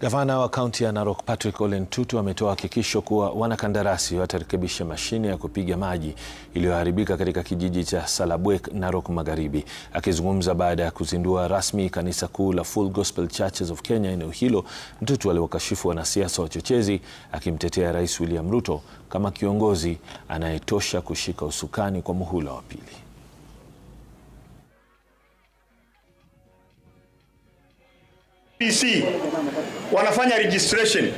Gavana wa kaunti ya Narok Patrick Ole Ntutu ametoa hakikisho kuwa wanakandarasi watarekebisha mashine ya kupiga maji iliyoharibika katika kijiji cha Salabwek, Narok Magharibi. Akizungumza baada ya kuzindua rasmi kanisa kuu la Full Gospel Churches of Kenya eneo hilo, Ntutu aliwakashifu wanasiasa wachochezi, akimtetea Rais William Ruto kama kiongozi anayetosha kushika usukani kwa muhula wa pili. PC wanafanya registration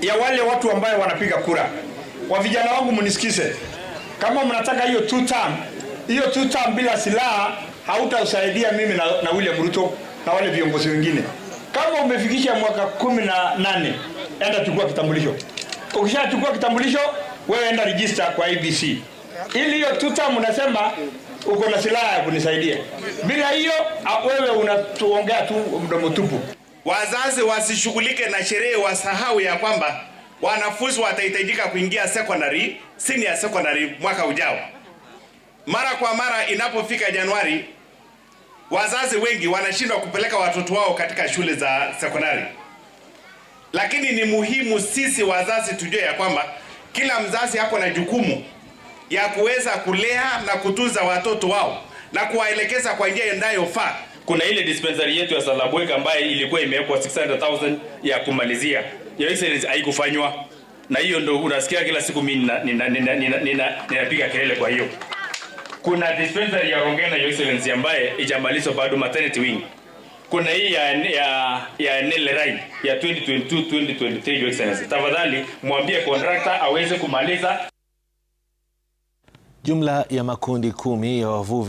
ya wale watu ambayo wanapiga kura. Wa vijana wangu mnisikize, kama mnataka hiyo two term, hiyo two term bila silaha hautausaidia mimi na, na William Ruto na wale viongozi wengine. Kama umefikisha mwaka kumi na nane, enda chukua kitambulisho. Ukishachukua kitambulisho, wewe enda register kwa IBC, ili hiyo two term unasema uko na silaha ya kunisaidia. Bila hiyo ah, wewe unatuongea tu mdomo tupu. Wazazi wasishughulike na sherehe, wasahau ya kwamba wanafunzi watahitajika kuingia secondary, senior secondary mwaka ujao. Mara kwa mara inapofika Januari, wazazi wengi wanashindwa kupeleka watoto wao katika shule za sekondari, lakini ni muhimu sisi wazazi tujue ya kwamba kila mzazi ako na jukumu ya kuweza kulea na kutunza watoto wao na kuwaelekeza kwa njia inayofaa. Kuna ile dispensary yetu ya Salabweka ambayo ilikuwa imewekwa 600,000 ya kumalizia, ya Excellency, haikufanywa na hiyo ndo unasikia kila siku mimi ninapiga nina, nina, nina, nina kelele. Kwa hiyo kuna dispensary ya Rongena, ya Excellency, ambaye ijamalizwa bado, maternity wing. Kuna hii ya ya ya Nelerai ya 2022 2023, Your tafadhali mwambie contractor aweze kumaliza. Jumla ya makundi kumi ya wavuvi